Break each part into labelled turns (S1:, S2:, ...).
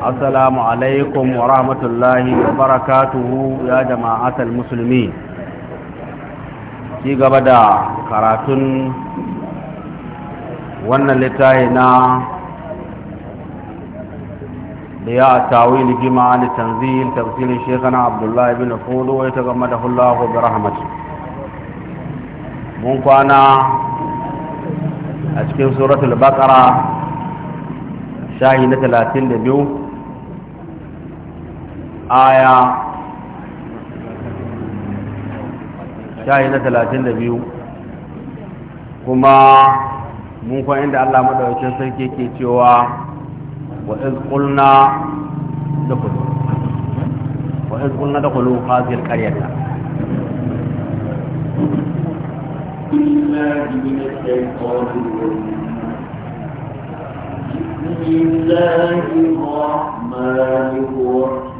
S1: السلام عليكم ورحمة الله وبركاته يا جماعة musulmi ci gaba da karatun wannan littafi na da ya atawi ligima da tanzil tafsirin shekana abdullahi bin fudu Wai ta gama da hullahu da rahmatu mun kwana a cikin suratul baqara shahi na 32 aya shayi na talatin da biyu kuma mun kwan inda Allah madawacin sarki ke cewa wa izkulna da kudu wa izkulna da kudu fasir karyata
S2: بسم الله الرحمن الرحيم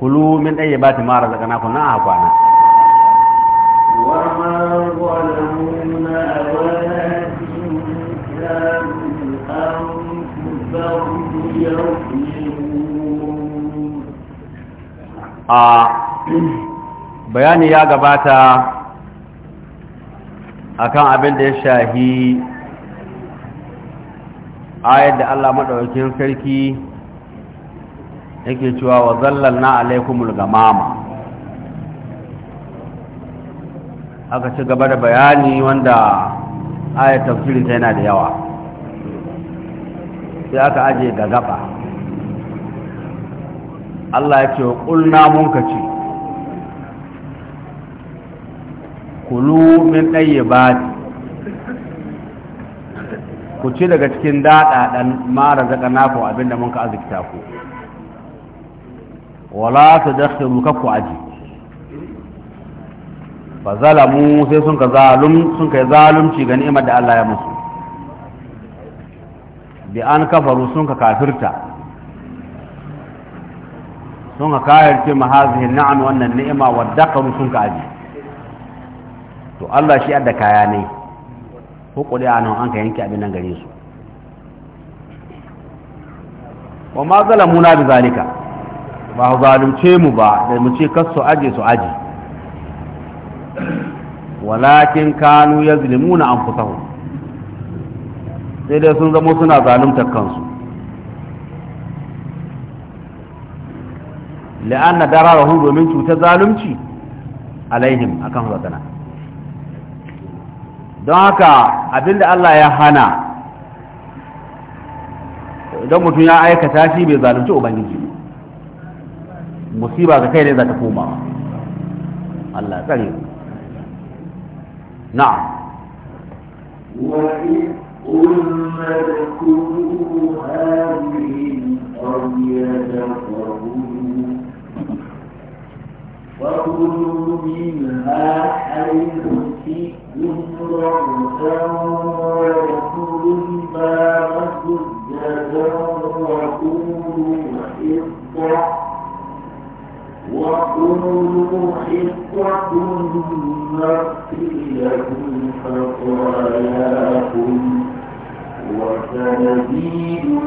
S2: kulu
S1: min ɗaya ba ta mara daga na kuna a kwana a bayani ya gabata akan abin da ya shahi ayar da Allah maɗaukin sarki yake cewa wa zallalna alaikumul gamama aka ci gaba da bayani wanda ayat tafsirin ta yana da yawa sai aka aje ga gaba Allah ya ce ƙulna mun ka ce kulu min ɗaye ba ku ci daga cikin daɗaɗen mara zaƙa naku abinda mun ka azikta ku wala ta dakhiru kakku aji fa zalamu sai sun ka zalum sun kai zalunci ga ni'imar da Allah ya musu bi an kafaru sun ka kafirta sun ka kayarce ma hazihin na'am wannan ni'ima wa dakaru sun ka aji to Allah shi adda kaya ne hukuri a nan an ka yanke abin nan gare su wa ma zalamuna bi zalika ba zalunce mu ba da mu ce kasu aje su aje walakin kanu ya zulmuna anfusahum sai dai sun zama suna zaluntar kansu la'anna dararahum domin cutar zalunci alaihim kan wadana don haka abinda Allah ya hana idan mutum ya aikata shi bai zalunci ubangiji musiba ga kai ne za ta koma Allah tsare na'am
S2: وإذ قلنا اذكروا هذه القرية فكلوا فكلوا منها حيث شئتم رغدا وادخلوا الباب سجدا وقولوا حطة وقولوا حطة نغفر لكم خطاياكم وسنزيد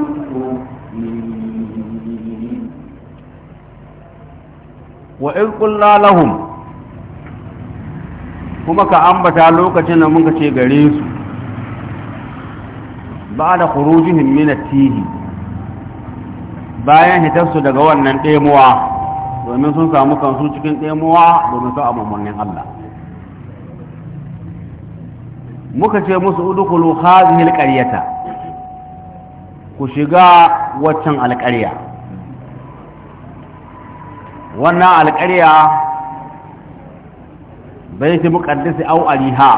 S1: وإذ قلنا لهم kuma ka ambata lokacin da muka ce gare su ba da kurujihim minatihi bayan hitarsu daga wannan ɗemuwa domin sun samu kansu cikin ɗemowa domin su amurnin Allah muka ce musu udukulu hazihil ƙaryata ku shiga waccan alƙarya wannan alƙarya bai ta muƙaddisi au ariha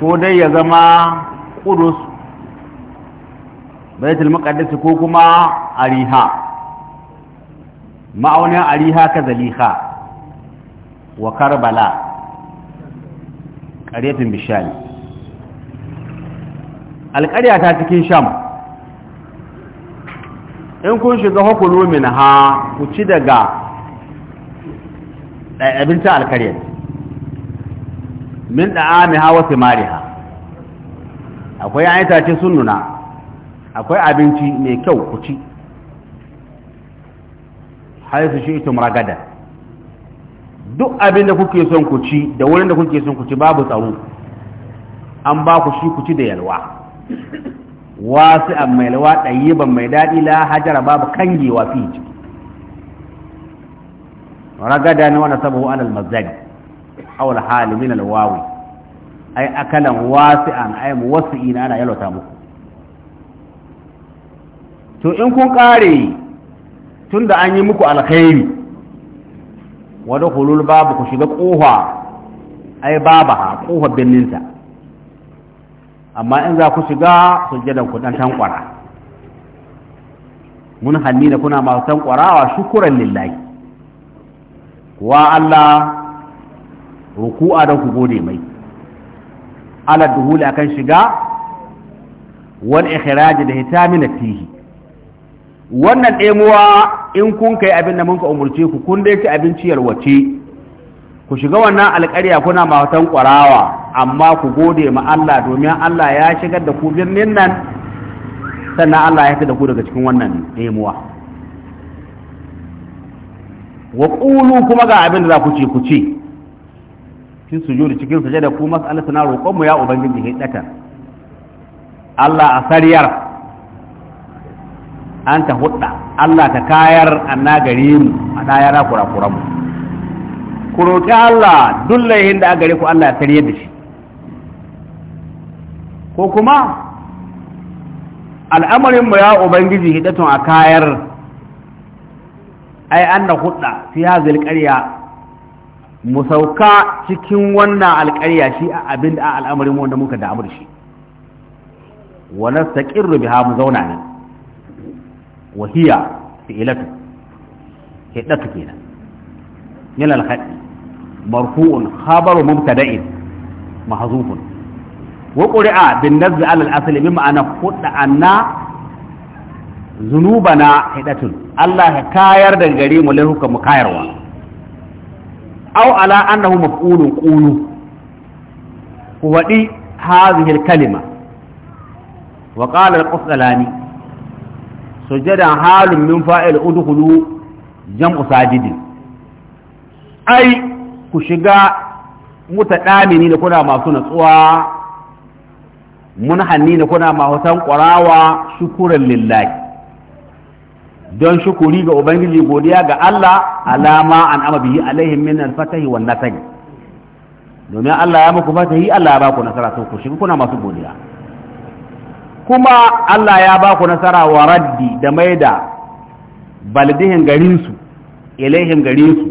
S1: ko dai ya zama ƙudus baitul muƙaddisi ko kuma ariha ma'aunin ariha ka zaliha wa karbala Karefin bishani alƙarya ta cikin sham in kun shiga hukunu min ha ku ci daga ɗaiɗabinta alƙarya. min ɗa'ami ha wasu mariha akwai an itace sun nuna akwai abinci mai kyau ku ci haisu shi itum ragada duk abin da kuke son ku ci da wurin da kuke son ku ci babu tsaro an ba ku shi ku ci da yalwa wasu a mai yalwa ɗayyiban mai daɗi la hajara babu kangewa fi ciki ragada ne wanda sabu alal mazali aw al hali min al wawi ay akalan wasi'an ay ana yalwata muku to in kun kare tun da an yi muku alkhairi wadda hulul babu ku shiga kofa ai babu ha, kofa birninta amma in za ku shiga sujjadan ku dan tankwara mun hanni da kuna masu tankwarawa shukuran lillahi wa Allah ruku'a da ku gode mai ala duhuli akan shiga wal ikhraj da hitamin tihi. wannan ɗemuwa in kun kai abin da muka umarce ku kun dai ci abinci yalwace ku shiga wannan alƙarya kuna matan ƙwarawa amma ku gode ma Allah domin Allah ya shigar da ku birnin nan sannan Allah ya fi da ku daga cikin wannan ɗemuwa wa ƙulu kuma ga abin da za ku ce ku ce cikin sujudu cikin sujada ku masu Allah roƙon mu ya ubangiji ɗaka. Allah a sariyar an ta hudda Allah ta kayar anna gare mu a kura kurakuran mu ku roƙi Allah duk laihin da gare ku Allah ya tarye da shi ko kuma al'amarin mu ya ubangiji hidatun a kayar ai an na hudda fi hazil qarya mu sauka cikin wannan alƙarya shi a abin da al'amarin wanda muka damu da shi wa nastaqirru biha mu zauna ne wahiya fi'ilatu hidatu kenan min al-hadd marfu'un khabaru mubtada'in mahzufun wa quri'a bin nazz ala al-asl ma'ana hudda anna zunubana hidatun Allah ya kayar da gare mu laifuka mu kayarwa Au ala annahu maf'ulun qulu ku kalima wa qala sujadan halin min fa'il udkhulu jam'u sajidin ai ku shiga mutadamini da kuna masu natsuwa munhanni da kuna mahutan qarawa shukuran lillahi don shukuri ga ubangiji godiya ga Allah alama an ama bihi alaihim min al-fatahi wan nasr domin Allah ya muku fatahi Allah ya baku nasara to ku shiga kuna masu godiya kuma Allah ya ba ku nasara wa raddi da maida baldihin garinsu ilaihim garinsu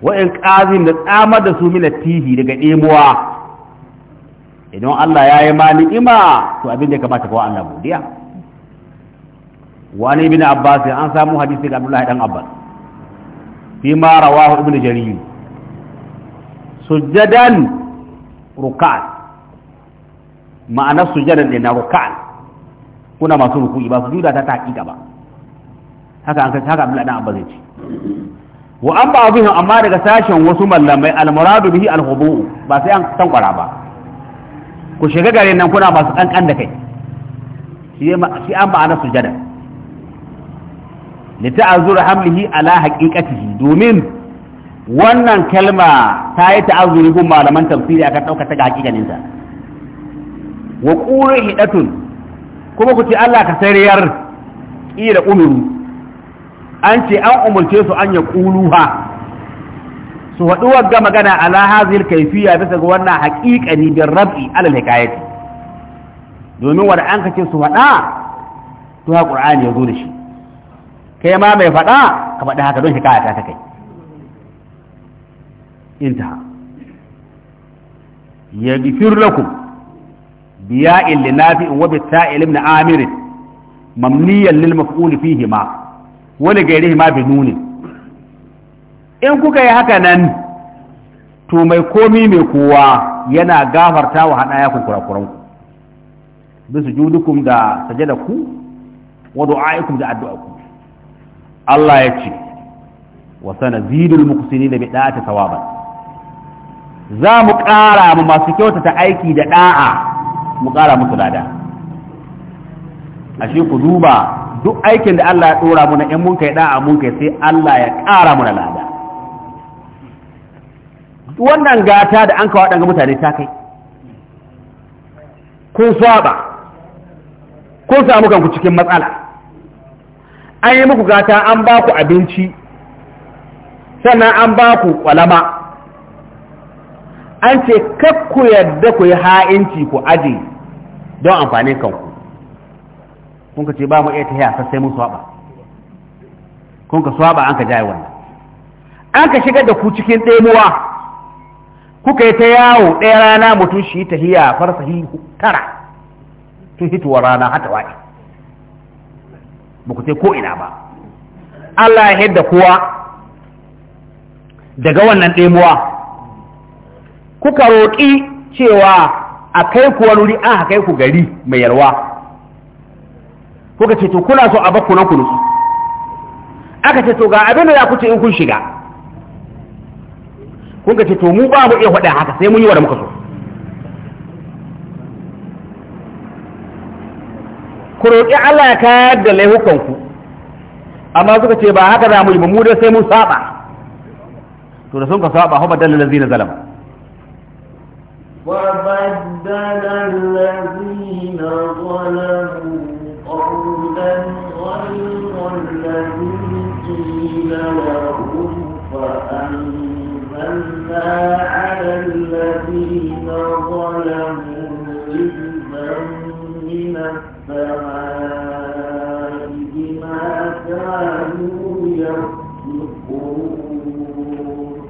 S1: wa'in ƙazim da tsamar da su mila tihi daga ɗemuwa idan Allah ya yi ma ni'ima to abin da ya kamata kawo Allah godiya wani ibn Abbas an samu hadisi ga Abdullahi dan Abbas fi ma rawahu ibn Jarir sujadan rukat ma'anar sujjadar da na ruka'an kuna masu ruku'i ba su juda ta taƙiƙa ba haka an kace haka abin dan Abba zai ce wa an ba abin amma daga sashen wasu mallamai almuradu bihi alhubu ba sai an tankwara ba ku shiga gare nan kuna masu kankan da kai shi an ma'anar sujjada li ta'azzur hamlihi ala haqiqatihi domin wannan kalma ta yi ta'azzuri gun malaman tafsiri akan ɗaukar ta ga hakikaninsa wa quru hidatun kuma ku ce Allah ka sariyar ƙira umuru an ce an umarce su an ya quluha su faɗi gama magana ala hazil kaifiya bisa ga wannan haƙiƙani bin rab'i alal hikayati domin wanda an kace su faɗa to ha qur'ani ya zo da shi kai ma mai faɗa ka faɗa haka don hikaya ta kai intaha yaghfir lakum بياء لنافع وبتاء لابن عامر ممنيا للمفعول فيهما ولغيرهما بنون إن كوكا يهكنا to mai komi mai kowa yana gafarta wa haɗaya ku kurakuran ku bisu judukum da sajada ku wa du'aikum da addu'a ku Allah ya ce za mu ƙara mu masu kyautata aiki da ɗa'a. mu ƙara musu lada ashe ku duba duk aikin da Allah ya dora mu na in mun kai da'a mun kai sai Allah ya ƙara mu lada wannan gata da an kawo ga mutane ta kai kun saba kun samu kanku cikin matsala an yi muku gata an ba ku abinci sannan an ba ku kwalama an ce kak ku yadda ku yi ha'inci ku aje don amfanin kanku kun ka ce ba mu iya tafiya sai mun swaba kun ka swaba an ka jaye wannan an ka shigar da ku cikin ɗemuwa kuka yi ta yawo ɗaya rana mutum shi yi farsa hi tara tun hituwa rana hata wa'i ba ku ce ko ina ba Allah ya hidda kowa daga wannan ɗemuwa kuka roƙi cewa a kai ku wani wuri an kai ku gari mai yalwa kuka ce to kuna so a bakku nan ku nutsu aka ce to ga abin da za ku ce in kun shiga kuka ce to mu ba mu iya faɗa haka sai mun yi wa da muka so ku roƙi Allah ya kayar da ku, amma suka ce ba haka za mu yi ba mu dai sai mun saba to da sun ka saba haba dalilin zina zalama
S2: وبدل الذين ظلموا قولا غير الذي قيل لهم فأنزلنا على الذين ظلموا رجزا من السماء بما كانوا يفسقون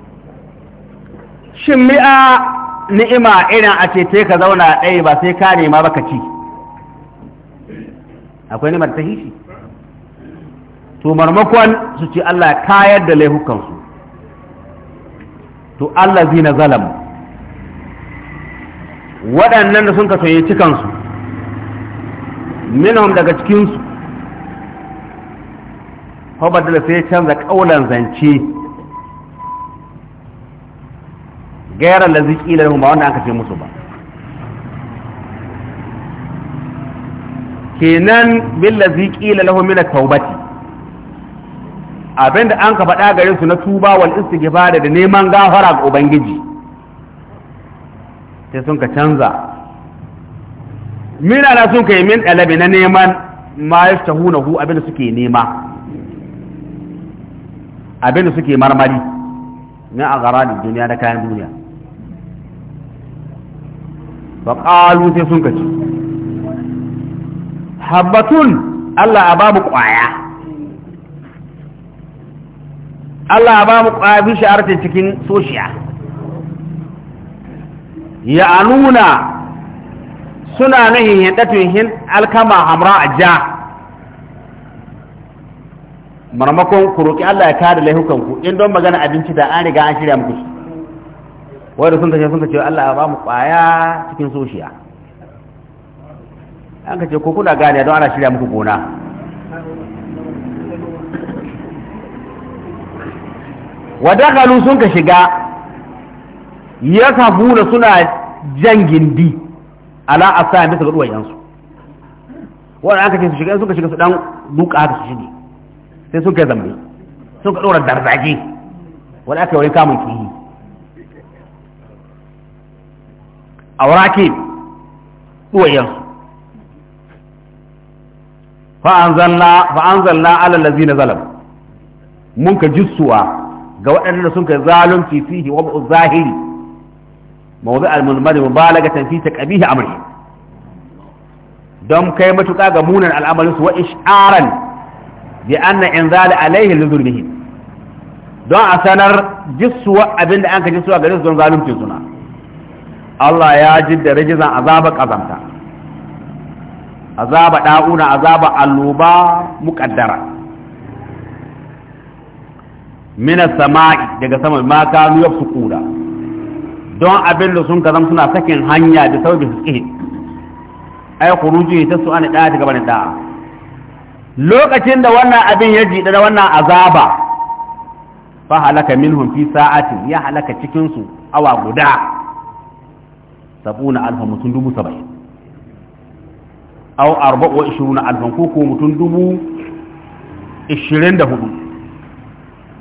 S1: شمئا ni'ima irin a cece ka zauna ɗaya ba sai ka nema ba ka ci akwai nimar ta hishi to marmakon su ce Allah kayar da laihukansu to Allah zina zalam waɗannan da sun ka soye cikansu minhum daga cikinsu hobar da sai canza ƙaunar zance gairar da ziki da ba wanda aka ce musu ba kenan billazi qila lahum min at-taubati abinda an ka faɗa gare su na tuba wal istighfar da neman gafara ga ubangiji sai sun ka canza mina na sun yi min ɗalabi na neman ma hu abinda suke nema abinda suke marmari na a gara duniya da kayan duniya fa sai sun kace habbatun Allah ababu kwaya Allah ababu kwaya bi sha'arta cikin soshiya ya anuna suna nahin hindatun hin alkama hamra a ja marmakon ku roƙi Allah ya kare laihukanku in don magana abinci da an riga an shirya muku wanda sun tashi sun tashi Allah ya ba mu kwaya cikin soshiya an ka ce ko kuna gane don ana shirya muku gona wadakalu sun ka shiga ya da suna jan gindi ala asa bisa yansu duwayensu an ka ce su shiga ka shiga su dan duka haka su shige sai sun kai zambe ka dora darzaje wanda aka yi wani kamun kiyi. a warake ɗuwayensu fa'anzalna alallazi na zalam mun ka jissuwa ga waɗanda sun ka zalunci fihi wa ba'u zahiri mawzu al-mulmari mubalagatan fi taqbihi amri don kai matuƙa ga munan al'amarin su wa isharan bi anna inzal alaihi lidhurbihi don a sanar jissuwa abinda an ka zalunci suna Allah ya da rigizan azaba kazanta azaba da'una azaba alluba muqaddara min samai daga sama ma kanu yafsukuna don abin da sun kazan suna sakin hanya da su kihi ay khuruji ta su an da'a ta banin da'a lokacin da wannan abin ya ji da wannan azaba fa halaka minhum fi sa'atin ya halaka cikin su awa guda sabuna alfa mutum dubu saba'in au arba'u wa ishiruna alfan ko ko mutum dubu ishirin da hudu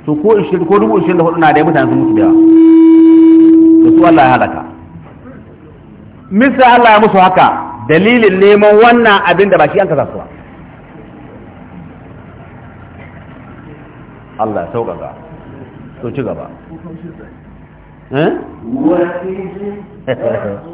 S1: to ko ishirin ko dubu ishirin da hudu na da mutane sun mutu da yawa su Allah ya halaka misal Allah ya musu haka dalilin neman wannan abin da ba shi an kasa suwa Allah sauƙaƙa to ci gaba eh?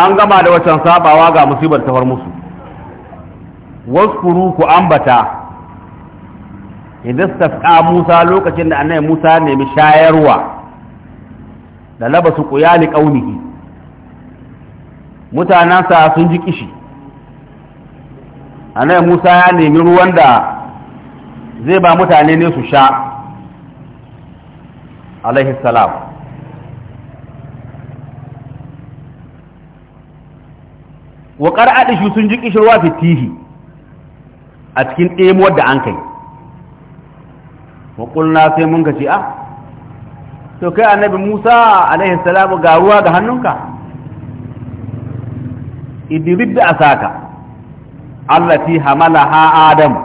S1: an gama da waccan sabawa ga musibar ta far musu waskuru ku ambata idan tasqa Musa lokacin da annabi Musa nemi shayarwa da labasu qiyali qaumihi mutanansa sun ji kishi annabi Musa ya nemi ruwan da zai ba mutane ne su sha alaihi salam wa qara'ada shi sun ji kishirwa fi tihi a cikin ɗemuwar da an kai wa qulna sai mun ka ce a ah, to kai annabi Musa alaihi salamu ga ruwa ga hannunka idrib da asaka allati ha adam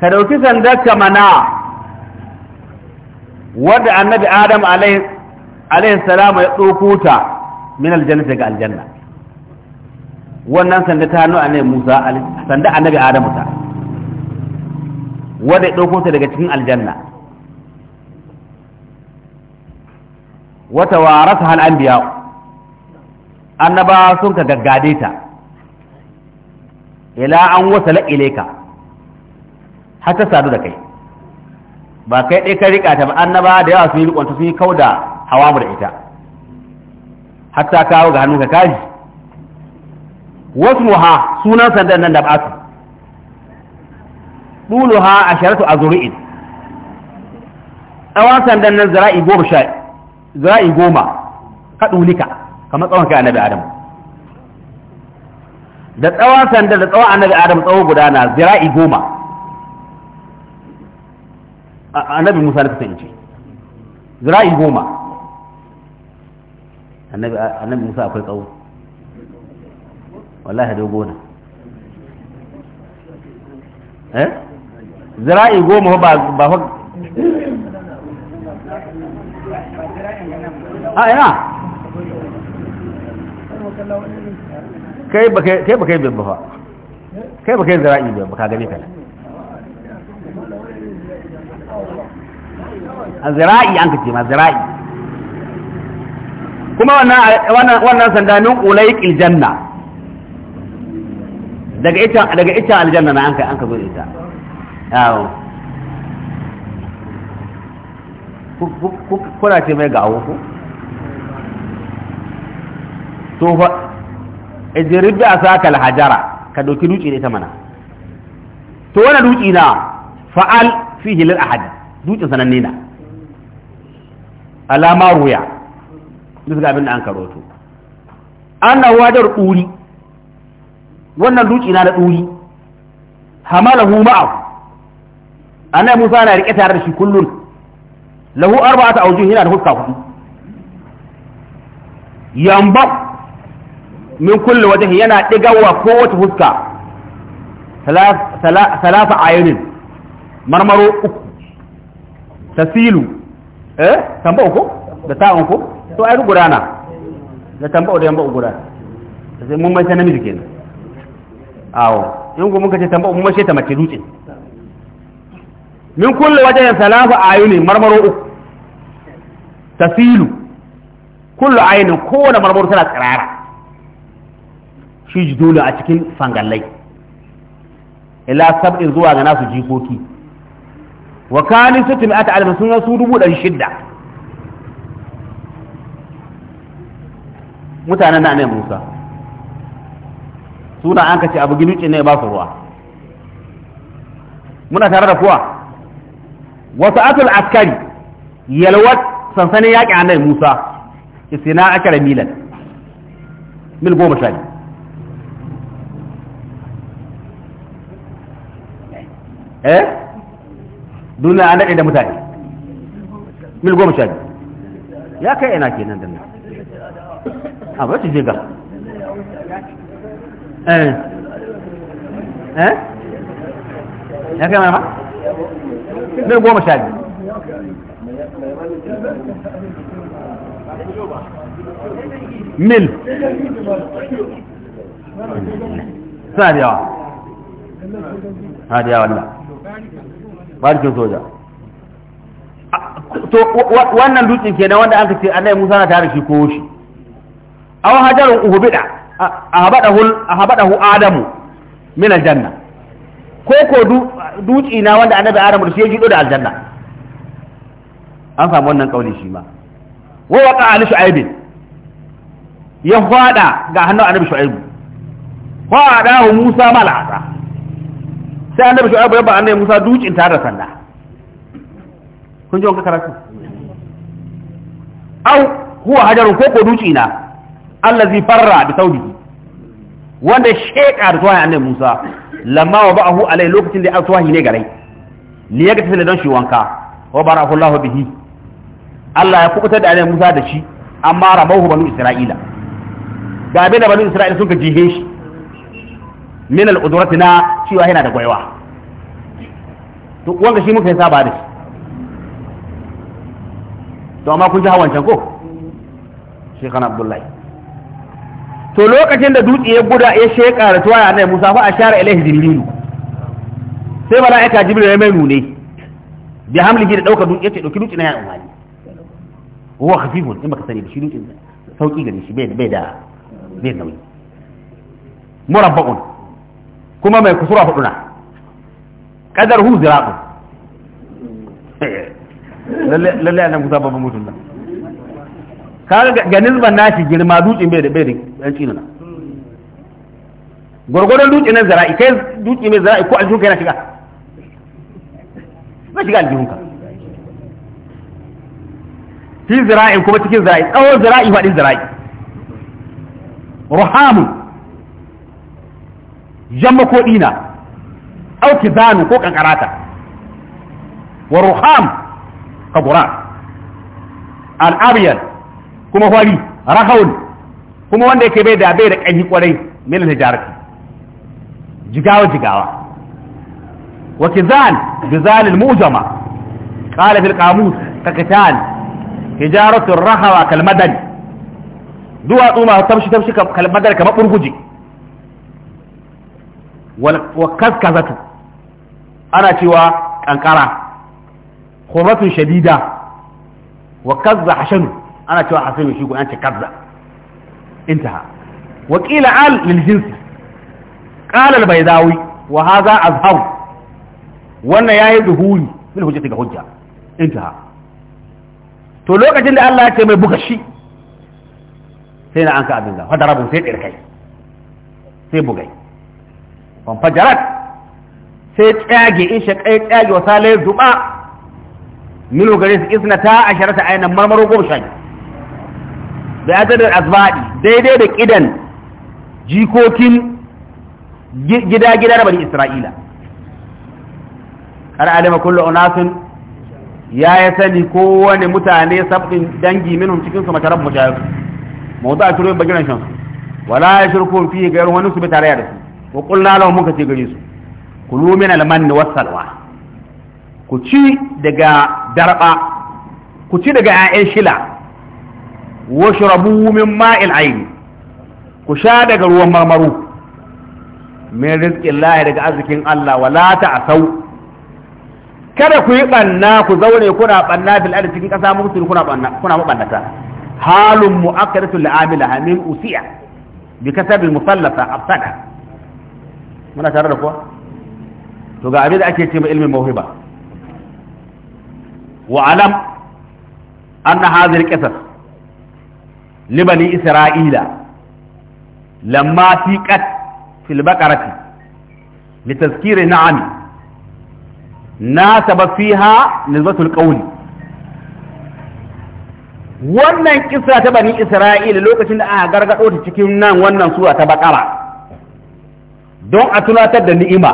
S1: ka dauki sandar ka mana wadda annabi adam alaihi salamu ya ɗauko ta min aljanna daga aljanna wannan sanda ta hannu annabi Musa sanda annabi Adamu ta wanda ya ta daga cikin aljanna wata warasa hal anbiya annaba sun ka gaggade ta ila an wasala ilaika har ta sadu da kai ba kai ɗaya ka riƙa ta ba annaba da yawa sun yi riƙonta sun yi kauda hawa mu da ita hatta kawo ga hannun ka kaji wasmuha sunan sandan nan da ba'atu duluha asharatu azru'in tsawon sandan nan zira'i goma sha zira'i goma kadulika kamar tsawon kai annabi adam da tsawon sandan da tsawon annabi adam tsawo gudana na zira'i goma annabi musa na kasance zira'i goma annabi musa akwai tsawo wallahi dogo na eh zira'i goma ba ba a ina kai ba kai bebba ba kai ba kai zira'i bebba ka gani kana a zira'i an ka ce ma zira'i kuma wannan sanda min ƙulai ƙiljanna daga ita daga ita aljanna na an ka an ka zo ita yawo kuna ce mai gawo ku to fa ijrib da asaka alhajara ka doki duki ne ta mana to wani duki na fa'al fi hilal ahad dukin sananne na alama ruya duk ga abin da an karoto annahu wadar quri wannan duci na da duri hamalahu ma'ahu annabi Musa na rike tare da shi kullun lahu arba'atu awjuh yana da huska hudu yamba min kulli wajhi yana digawa ko wata huska salasa ayunin marmaro uku tasilu eh tamba uku da ta'an ko to ai gudana da tamba da yamba gurana sai mun mai sanin namiji kenan awo in ku muka ce tamba mun mashe ta mace dutse min kullu wajhin salafu ayuni marmaro uku tasilu kullu aynin kowane marmaro tana karara shi jidula a cikin fangalai ila sab'in zuwa ga nasu jikoki wa kani sutu mi'ata alfin sun su dubu ɗari shidda mutanen na ne musa suna an ka ce abu ginuce ne ba su ruwa muna tare da kuwa wasu asul askari yalwat sansanin yaƙi nan musa isina akara milan mil goma sha biyu eh duniya an daɗe da mutane mil goma sha biyu ya kai ina kenan da nan a ba shi jigar eh
S2: eh ya kai mana ne goma sha biyu mil suna da yawa suna da yawa Allah
S1: barikin soja to wannan dutsen kenan wanda aka ce Allah Musa na tare shi ko shi aw hajarun uhbida ahabadahu adamu min aljanna ko ko duci na wanda annabi adamu da shi ya jido da aljanna an samu wannan kauli shi ma wa waqa ali shu'aib ya fada ga hannu annabi shu'aib fada musa malaka sai annabi shu'aib ya ba annabi musa ducin ta da sanda kun ji wannan karatu au huwa hajarun ko ko duci na allazi farra da saudihi wanda sheka da tuwahin annabi Musa lamma wa ba'ahu alai lokacin da tuwahi ne garai li ya gata don shi wanka wa barahu Allah bihi Allah ya kubutar da annabi Musa da shi amma ramahu banu Isra'ila ga abin da banu Isra'ila suka jihe shi min al na cewa yana da gwaiwa to wanda shi muka yi saba da shi to amma kun ji hawan can ko shekana abdullahi to lokacin da dutse ya guda ya sheka da tuwa ya nai musa fa ashara ilaihi jibrilu sai mala'ika jibril ya mai nune bi hamlihi da dauka dutse ce dauki dutse na ya umani huwa khafifun in baka sani da shi dutse sauki gare shi bai bai da bai nauyi murabba'un kuma mai kusura huduna kadar hu zira'un lalle lalle annabi musa babban mutum nan kaga ga nisban nashi girma dutsen bai da bai da yanci na gwargwadon dutse na zara'i kai dutse mai zara'i ko aljihun kai na shiga na shiga aljihun ka fi zarai kuma cikin zarai tsawon zarai faɗin zarai ruhamu jamma ko ɗina auki zanu ko kankarata wa ruham kabura al-abiyar kuma hori rahaun kuma wanda yake bai da bai da ƙarfi kwarai min hijarati jigawa jigawa wa kizan bizal al-mujama qala fil qamus kakitan hijaratu rahawa kalmadan duwa tsuma tamshi tamshi kalmadan kamar burguji wa kaskazatu ana cewa kankara khurratun shadida wa kazza hashanu ana cewa hasanu shi an ce kazza intaha wakila al lil jinsi qala al baydawi wa hadha azhar wannan yayi duhuri min hujjati ga hujja intaha to lokacin da Allah ya ce mai buga shi sai na anka ka abin da fadarabun sai tsirkai sai bugai fan fajarat sai tsage in shakai tsage wa salai zuba minu gare su isna ta asharata ainihin marmaro goma sha da adadin asbaɗi daidai da ƙidan jikokin gida-gida da bani isra'ila har alima kullu unasin ya ya sani kowane mutane sabbin dangi minhum cikin su matarar mujahid mawdu a shirin bagiran shan wala ya shirku fi gairu wani su bi tare da su ko qulna lahum muka ce gare su kulu min al-manni was-salwa ku ci daga darba ku ci daga 'ya'yan shila washrabu min ma'il aini ku sha daga ruwan marmaru min rizqin lahi daga arzikin Allah wala ta'asau kada ku yi banna ku zaune kuna banna fil ardi cikin kasa mutum kuna banna kuna mabannata halun mu'akkadatu li'amila min usiya bi kasabil musallata afsada muna tare da kuwa to ga abin da ake ce ma ilmin mauhiba wa alam anna hadhihi al libani isra'ila lamma tiqat fil baqarati litaskiri na'ami nasaba fiha nizbatul qawli wannan kisa ta bani isra'ila lokacin da aka gargado ta cikin nan wannan suwa ta baqara don a tunatar da ni'ima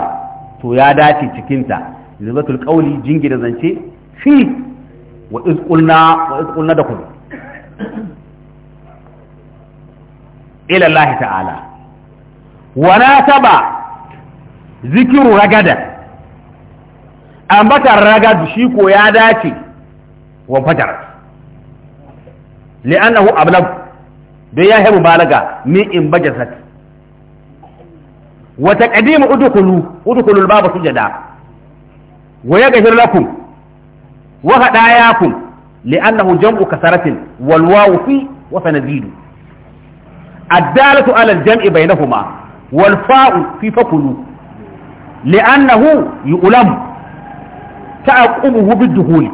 S1: to ya dace cikinta nizbatul qawli jingira zance fi wa iz wa iz ila Allah ta'ala wa nataba zikiru ragada ambatar ragad shi ko ya dace wa fatar li'annahu ablag dai ya hebu balaga ni in bajasat wa taqdimu udkhulu udkhulu al-baba sujada wa yaghfir lakum wa li'annahu jam'u kasaratin wal wawu fi الدالة على الجمع بينهما والفاء في فكل لأنه يؤلم تأقمه بالدخول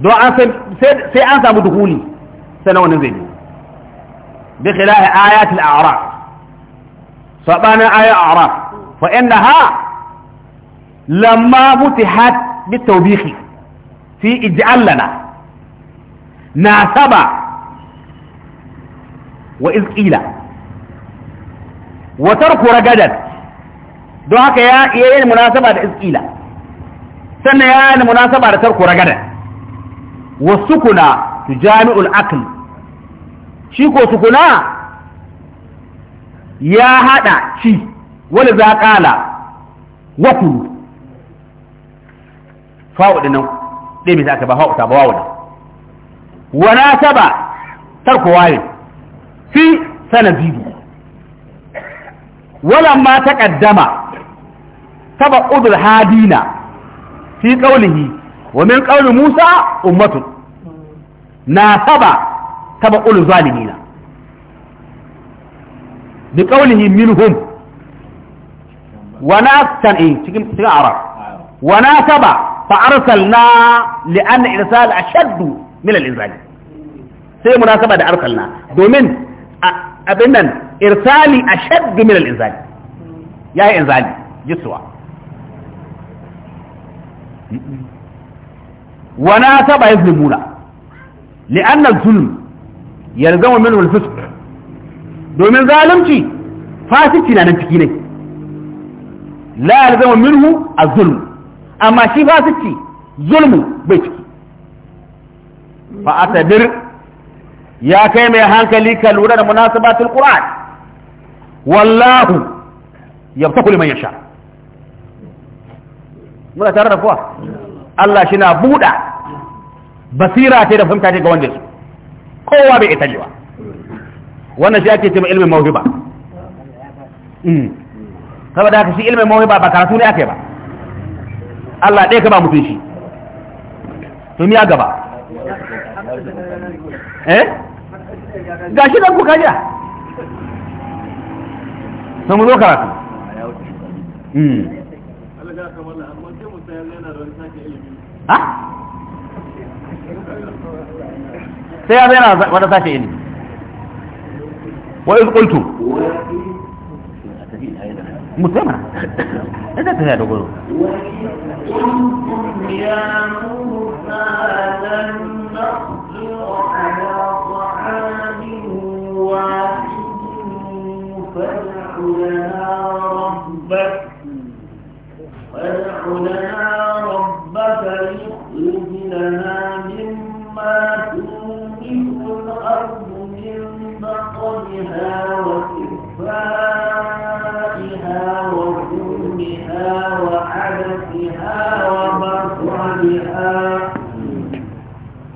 S1: دو أنسان سي أنسى بدخولي سنو نزل بخلاف آيات الأعراف فبانا آية أعراف فإنها لما متحت بالتوبيخ في إجعال لنا ناسبة wa izqila wa tarku ragadan don haka ya yayin munasaba da izqila sannan ya yayin munasaba da tarku ragadan wa sukuna tujami'ul aql shi ko sukuna ya hada ci wani za kala wa kulu fa'u dinan ɗaya mai za ka ba fa'u ta ba wawu da wa nasaba tarku wayin fi sanadihi walamma taqaddama tabaqqudul hadina fi qawlihi wa min qawli Musa ummatun nasaba tabaqqul zalimina bi qawlihi minhum wa nastan'i cikin cikin arab wa nasaba fa arsalna li an irsal min al-inzali da arsalna domin abin nan irsali ashadd min al-inzali yi inzali jiswa wana saba yazlimuna li'an al-zulm yalzamu minhu al fusk domin zalunci fasici na nan ciki ne la yalzamu minhu a zulm amma shi fasici zulmu bai ciki fa'atadir ya kai mai hankali ka lura da munasabatul qur'an wallahu yabtaku liman yasha muna tare da kuwa Allah shi na buɗa basira ta da fahimta ta ga wanda su kowa bai ita jiwa wannan shi ake cewa ilmin mawhiba mm. saboda haka shi ilmin mawhiba ba karatu ne ake ba Allah ɗaya ka ba mutum shi to ya gaba
S2: eh ga shi dan
S1: kuka kaja sai mu zo karatu
S2: hmm. sai ya
S1: zai na wata sashe ilimi wa iz qultu
S2: musamman ita ta da gudu ya musa lan واحد فادع لنا ربك فادع لنا ربك لنا مما الأرض من وكفائها وظلمها وعدسها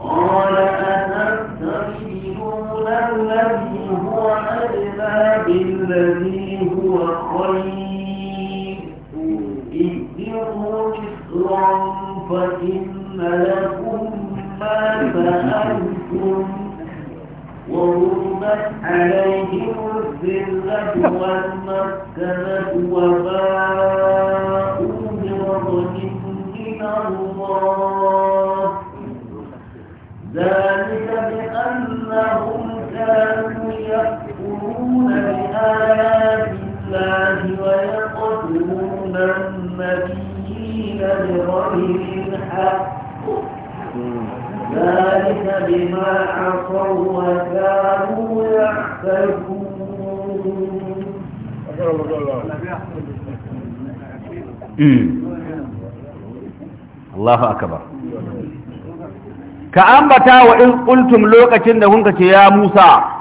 S2: قال أتستبدلون الذي هو أدنى بالذي هو خير ادعوا مصرا فإن لكم ما سألتم وضربت عليهم الذلة والمسكنة وباءوا بغضب من الله
S1: ذلك
S2: بأنهم كانوا آيات الله ويقتلون النبيين بغير الحق ذلك بما عصوا وكانوا يحتكون
S1: Allahu akbar ka ambata wa in qultum lokacin da kun ce ya Musa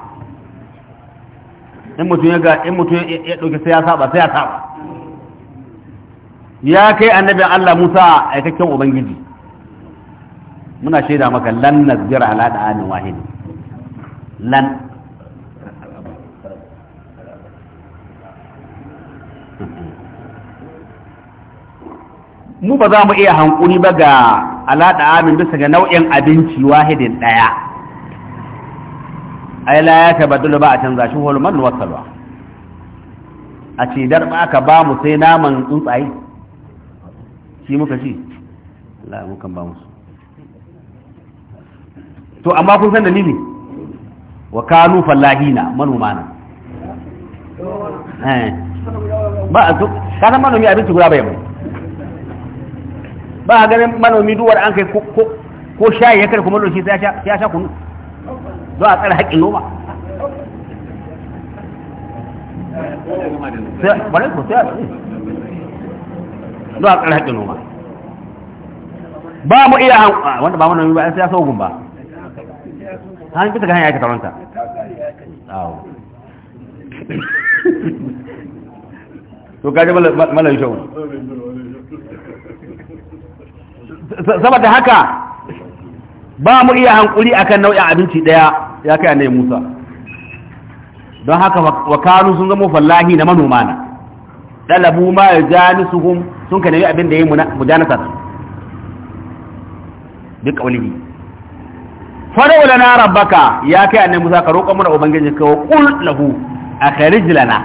S1: in mutum ya ga in mutum ya ɗauki sai ya saba sai ya saba ya kai annabi Allah Musa aikakken ubangiji muna shaida maka lan nazira ala da da'anin wahid lan mu ba za mu iya hankuri ba ga ala da amin bisa ga nau'in abinci wahidin ɗaya ai la ya tabaddalu ba a canza shi wal man wasalwa a ce dar ba ka ba mu sai naman tsuntsaye shi muka ci la mu kan ba musu to amma kun san dalili wa kanu fallahina manoma na eh. ba a ka san manomi abinci guda bai mai ba a ganin manomi duwar an kai ko shayi ya kare kuma lokaci sai ya sha kunu
S2: don a tsara haƙƙin noma a
S1: tsara haƙƙin noma ba mu iya wanda ba ba ya an ga aka taronta to shawun saboda haka ba mu iya hankuri akan nau'in abinci daya ya kai annabi Musa don haka wa kanu sun zama fallahi na manoma na dalabu ma yajanisuhum sun ka nemi abin da yayi mujanasa su duk kaulihi fara wala na rabbaka ya kai annabi Musa ka roƙa mana ubangiji ka wa qul lahu akhrij lana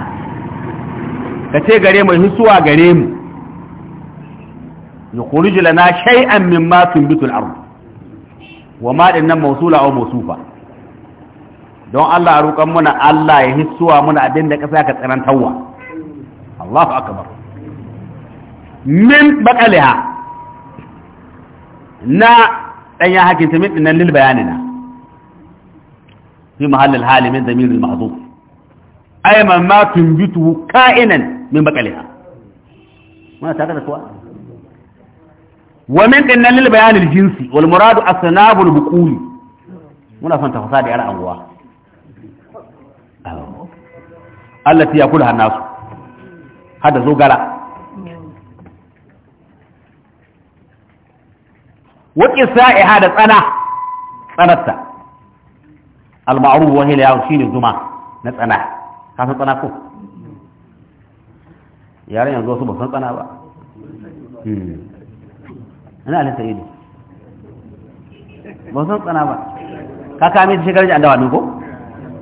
S1: ka ce gare mu hisuwa gare mu yukhrij lana shay'an mimma tunbitu al-ard wa ma dinnan mawsula aw mawsufa don Allah a roƙon muna Allah ya hissuwa muna abin da ƙasa ka tsanantarwa Allahu akbar min bakaliha na dan ya hakin ta min lil bayanina fi mahallil hali min zamir al mahdhuf ay man ma tunbitu ka'inan min bakaliha ma ta kada kuwa wa min din lil bayan al jinsi wal muradu asnabul buquli muna fanta fasadi da anguwa Allah ya yakulu nasu hada zo gara waƙi sa'iha da tsana tsanarta al-ma'ruf wa hiya shine zuma na tsana ka san tsana ko yaran yanzu wasu ba san tsana ba hmm. ina alin sa'idu ba san tsana ba ka kame shekarar ji da dawa ko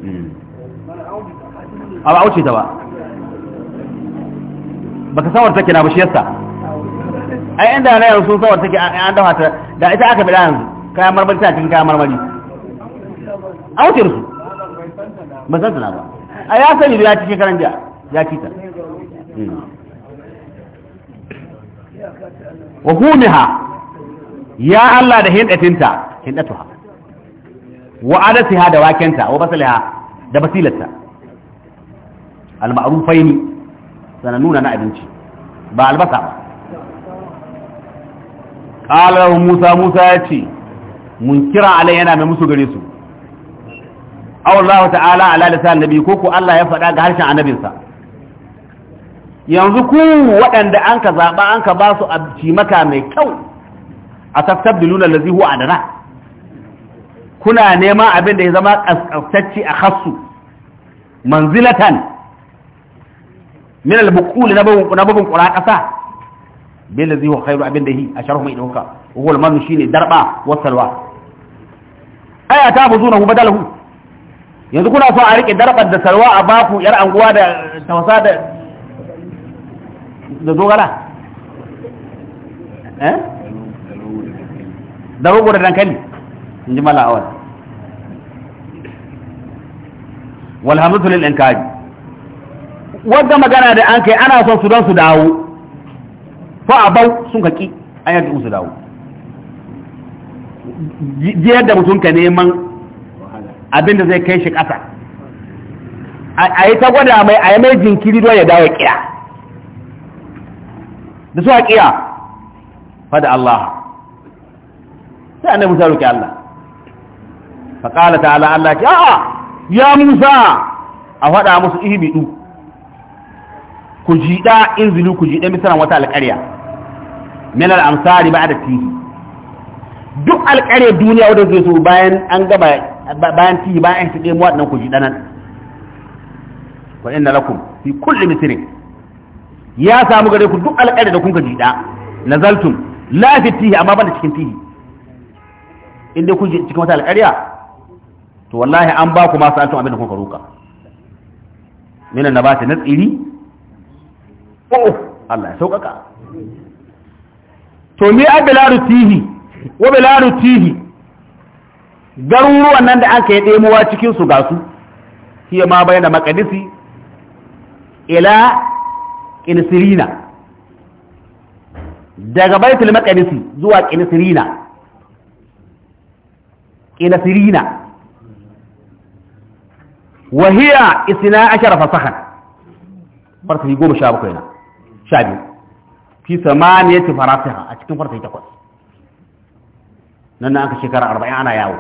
S2: hmm. a ba auce ta ba
S1: baka sawar take na ba shi yasa ai inda na yanzu sawar take an dafa ta da ita aka bi da yanzu kayan marmari ta cikin kayan marmari auce su ba san na ba a ya sani ya cikin karan jiya ya cita. Hmm. wa huniha ya Allah da hindatinta hindatuha wa adatiha da wakenta wa basaliha da basilarta al-ma'rufaini sanan nuna na abinci ba albasa ba qala Musa Musa ya ce mun munkira alai yana mai musu gare su aw Allah ta'ala ala lisan nabi ko ko Allah ya faɗa ga harshen annabinsa yanzu ku waɗanda an ka zaɓa an ka ba su abci maka mai kyau a tastabdiluna lazihu a dana? kuna neman abin da ya zama kaskantacce a hassu manzilatan min al na babun na babun qura kasa bil ladhi huwa khairu abin dahi asharhu mai dauka wa huwa al-mannu shine darba salwa aya ta buzuna hu badalahu yanzu kuna so a rike darbar da salwa a baku anguwa da da da eh? dankali wadda magana da an kai ana son su don su dawo fa bau sun kaki an yadda su dawo ji da mutum ka neman abin da zai kai shi ƙasa a yi ta gwada mai a yi mai jinkiri don ya dawo kiya da su a kiya fada Allah sai annabi Musa roki Allah fa qala ta'ala Allah ce ya Musa a faɗa musu ihbidu ku jiɗa inzilu ku jiɗa misalan wata alƙarya min al-amsari da tihi duk alƙarya duniya wanda zai so bayan an gaba bayan tihi bayan ta demo nan ku jiɗa nan wa inna lakum fi kulli misrin ya samu gare ku duk alƙarya da kun ka jiɗa nazaltum la fi tihi amma ban da cikin tihi inda kun ji cikin wata alƙarya to wallahi an ba ku ma sa'atun abin da kun ka roka minan nabati na tsiri Allah ya sauƙaƙa to ni a bilaru tihi wa bilaru tihi garuruwan nan da aka yi ɗemowa cikinsu ga su shi ma bayan da makadisi ila kinisirina daga baitul makadisi zuwa kinisirina kinisirina wa isina isna ashara fasahan farsa goma sha bakwai na sha biyu fi samaniyati farasiha a cikin farsa takwas nan na aka shekara arba'in ana yawo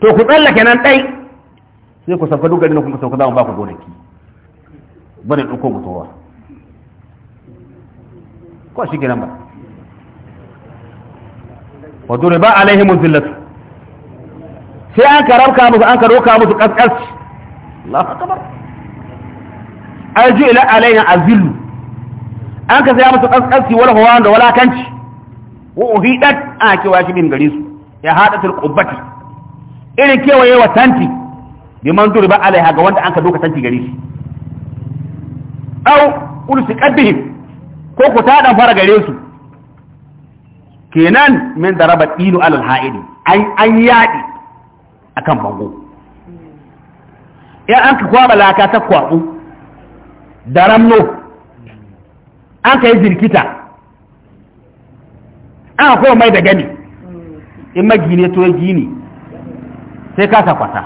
S1: to ku tsallake nan ɗai sai ku sauka duk garin kuma sauka za mu ba ku gonaki bane ɗauko mutuwa ko shi kenan ba wa duriba alaihim zillatu sai an karabka musu an karoka musu kaskas Allahu akbar arji ila alaina azillu an ka saya musu kaskasi wal hawan da walakanci wa uhidat a kewa shi bin gare su ya hadatul qubbati irin kewaye wa tanti bi man durba alaiha ga wanda an ka doka tanti gare shi aw ulsi qaddihim ko ku ta dan fara gare su kenan min daraba dinu alal haidi an an yadi akan bango ya an ka kwaba laka ta kwabu da ramno an ka yi jirkita an kuma mai da gani in magine to ya gini sai ka kwata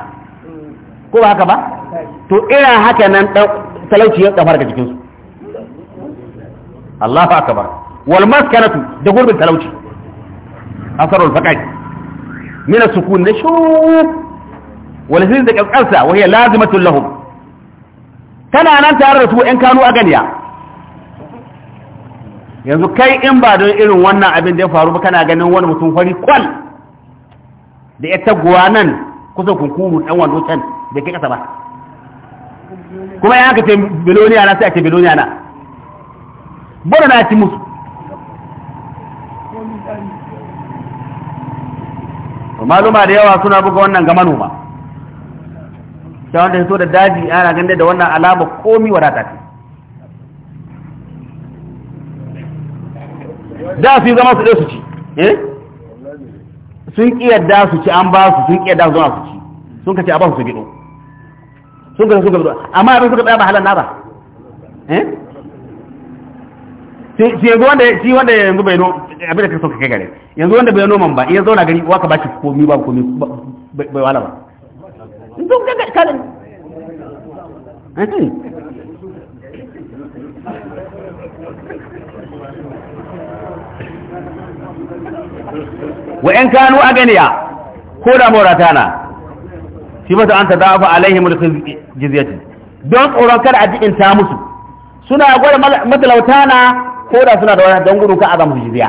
S1: ko ba haka ba to ina haka nan talauci ya kafar ga jikinsu Allah fa akabar wal maskaratu da gurbin talauci asarul faqai min as-sukun da wal hizd da kasarsa wa hiya lazimatun lahum tana nan tare da su ‘yan kanu a ganiya yanzu kai in ba don irin wannan abin da ya faru ba kana ganin wani mutum fari kwal da ya taguwa nan kusa kunkuru ɗan wando can da ke ƙasa ba kuma ya haka ce biloniya na sai a ce biloniya na bada na ci musu maluma da yawa suna buga wannan ga manoma da wanda ya so da daji ana ganin da wannan alama komi wadata ce
S2: da su yi zama su ɗaya
S1: su ci eh? sun ƙi yadda su ci an ba su sun ƙi yadda su zama su ci sun ka ce a ba su su gido sun ka sun ka gido amma abin suka tsaya ba halar na ba eh? yanzu wanda shi wanda yanzu bai abin da ka so kai gare yanzu wanda bai noman ba iya zauna gani waka ba ki komi ba komi bai wala ba sun ga kalin wa ‘yan kanu a ganiya ko da morata na shi ba ta an ta a zafa alaihim jizyatin don tsoron kada a jikin ta musu suna gwada matalauta na ko da suna da wani don gudun ka a zamu jiziya.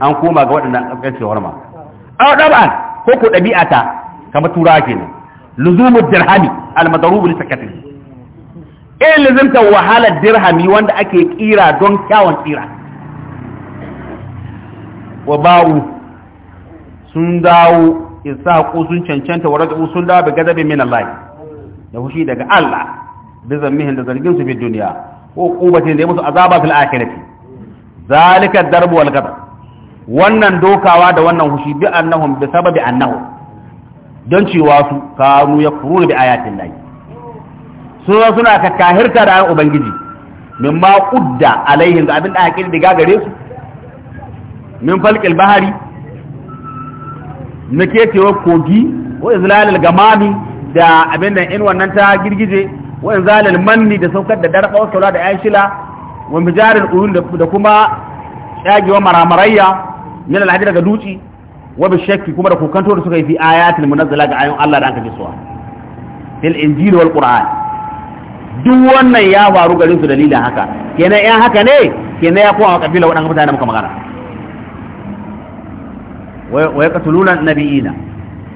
S1: an koma ga waɗannan ƙasƙancewar ma a ɗaba'an ko ko ɗabi'ata kama tura ne luzumud dirhami almadarubu li sakatin in lazimta wahalar dirhami wanda ake kira don kyawun kira. wa ba'u sun dawo ko sun cancanta wa raja'u sun dawo bi gadabin min Allah da hushi daga Allah bi zammihin da zargin su fi duniya ko kubatin da ya musu azaba fil akhirati zalika darbu wal gadab wannan dokawa da wannan hushi bi annahum bi sababi annahum don cewa su kanu ya kuru da ayatin lahi sun suna ka kahirta da ubangiji min ma kudda alaihin da abin da haƙi diga gare su min falqil bahari na cewa kogi wa izlalil gamami da abin da in wannan ta girgije wa izlalil manni da saukar da wa saura da yan shila wa mijaril uyun da kuma yagewa maramarayya min alhadira daga duci Wabi bi shakki kuma da kokanto da suka yi fi ayatul munazzala ga ayoyin Allah da an kace suwa fil injil wal qur'an duk wannan ya faru garin su dalilin haka kenan yan haka ne kenan ya kowa kabila wadannan mutane muka magana wa yaqtuluna nabiyina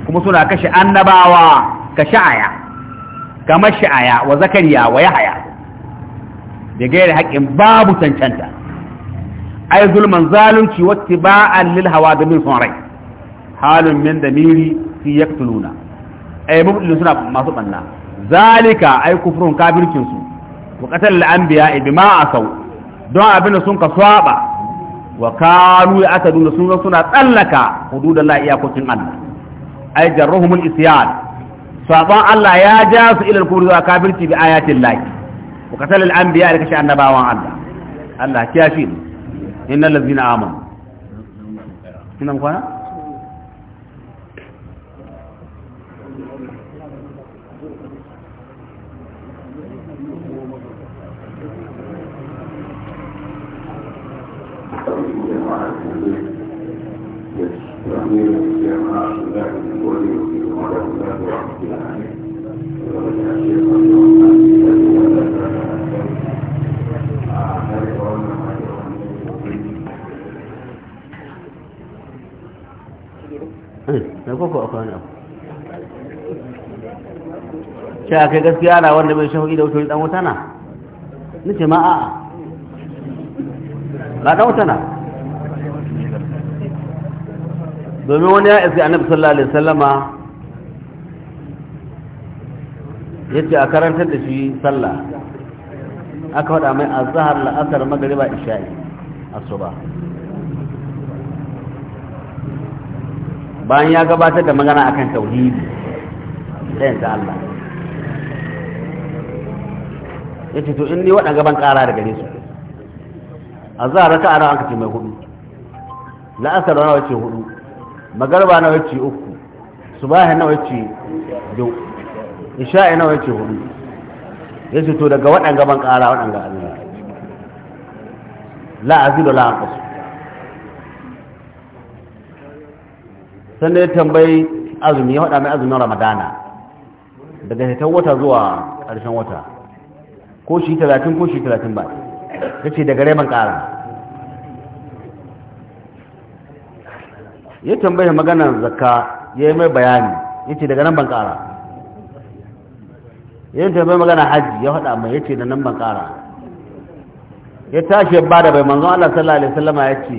S1: kuma suna kashe annabawa ka sha'aya kamar sha'aya wa zakariya wa yahaya da gairi haƙƙin babu cancanta ai zulman zalunci wa tiba'an lil hawa da min son rai halun min da damiri fi yaqtuluna ay mubtilun suna masu banna zalika ay kufrun kafircin su wa qatal al-anbiya bima asaw don abin sun ka swaba wa kanu ya'taduna sun suna tsallaka hududallahi iyakokin Allah ay jarruhumul isyan sabon Allah ya ja su ilal kufri zuwa kafirci bi ayatin lahi wa qatal al-anbiya da kashi annabawan Allah Allah kiyashi innal ladzina amanu ina kwana
S2: sai kai
S1: gaskiya na wanda bai shafi da wuce dan wuta na nace ma a'a na wata na domin wani ya iske annabi sallallahu alaihi wasallama yace a karantar da shi sallah aka wada mai azhar la'asar magriba isha'i asuba bayan ya gabatar da magana akan tauhidi ɗayan ta Allah yace to in ni wada gaban ƙara da gare su a za a raka ana an kace mai hudu la'asar na wace hudu magarba na wace uku subahi na wace biyu isha'i na wace hudu ya ce to daga waɗanga ban ƙara waɗanga abin la'azilu la'akasu sannan ya tambayi azumi ya faɗa mai azumin ramadana daga hitar wata zuwa ƙarshen wata ko shi talatin ko shi talatin ba ya ce daga reman ƙara ya tambaye maganar zakka ya yi mai bayani ya ce daga nan ban ƙara ya tambaye maganar hajji ya haɗa mai ya ce da nan ban ƙara ya tashi ba da bai manzon Allah sallallahu alaihi wasallama ya ce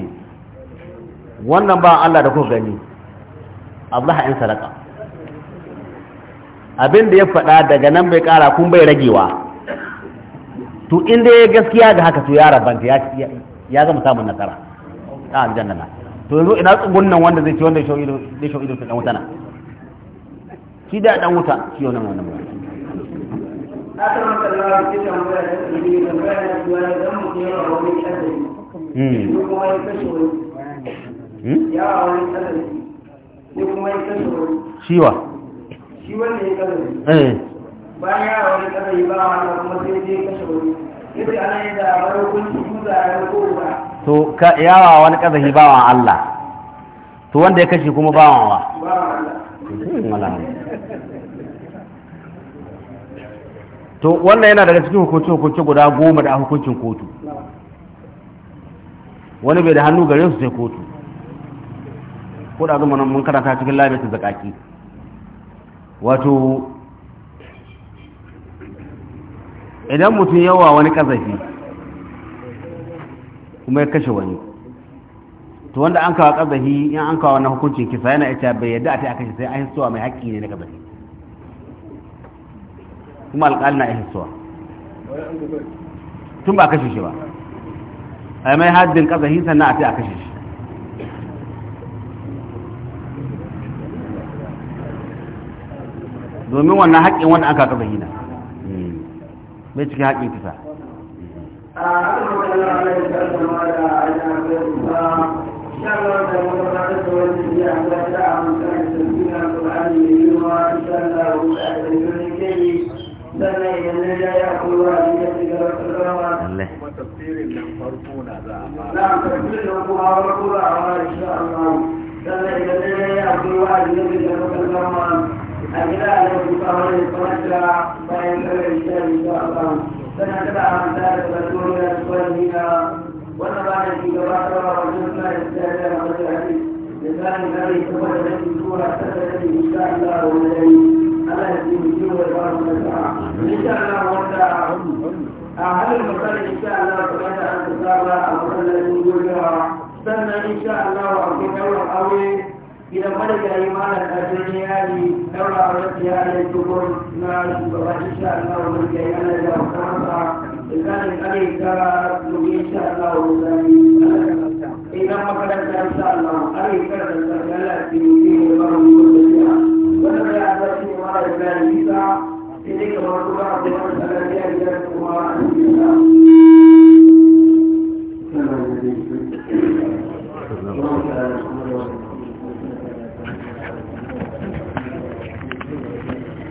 S1: wannan ba Allah da kuka gani Allah in sadaka abin da ya faɗa daga nan bai ƙara kun bai ragewa to in dai gaskiya ga haka to ya rabanta ya ya zama samun nasara a aljanna to yanzu ina tsugun nan wanda zai ci wanda ya shau ido ta dan wuta na shi da dan wuta shi wannan wannan
S2: Shiwa. Shi wanda ya bayan ya wani yi ba wani kuma sai dai ana yin da ya ko ba
S1: to ka yawa wani kazahi wa Allah to wanda ya kashe kuma ba wa to wannan yana daga cikin hukunci hukunci guda goma da hukuncin kotu wani bai da hannu gare su sai kotu ko da zuma mun karanta cikin labarin zakaki wato idan mutum yawa wani kazafi kuma ya kashe wani to wanda an kawo kazafi in an kawo wani hukuncin kisa yana ita bai yadda a ta kashe sai an hisuwa mai haƙƙi ne na kazafi kuma alƙali na hisuwa tun ba a kashe shi ba a mai haddin kazafi sannan a ta kashe shi
S2: domin wannan haƙƙin wanda aka kazafi na
S1: mai cikin haƙin kisa
S2: tafsirin nan a a Allah. ne da kuma أجل عليه قوله فنشرع بين سبع الكتاب إن شاء الله فنشرع من ذلك الرسول إلى سؤالهما ونبعد في جواهر وجبنا للسادة وقد الحديث لسان الذي سبق التي سورة سبقت إن شاء الله ولدي على يسلم الدين ويبارك إن شاء الله وسع هل المثال إن شاء الله تبدأ أن تتابع أو أن يقول سنة إن شاء الله أو كتاب قوي إذا ملك إيمانا لي لولا أردت هذا الكفر ما إن شاء الله ملك إيمانا لو كفر لكان الأمير كافر إن شاء الله إذا ما قدرت إن شاء الله أمير كافر فلا تنسيه المرء والسياح ولم يعبد في مرض ذلك إليك مرتبع بمسألة أجلت وما أنزل الله